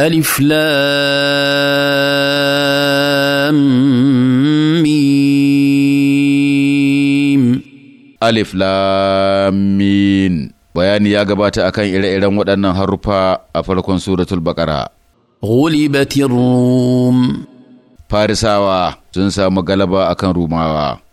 ألف لام ميم ألف bayani ya gabata akan ire-iren waɗannan haruffa a farkon suratul baƙara. Ghulibatir Rum Farisawa sun samu galaba akan Rumawa.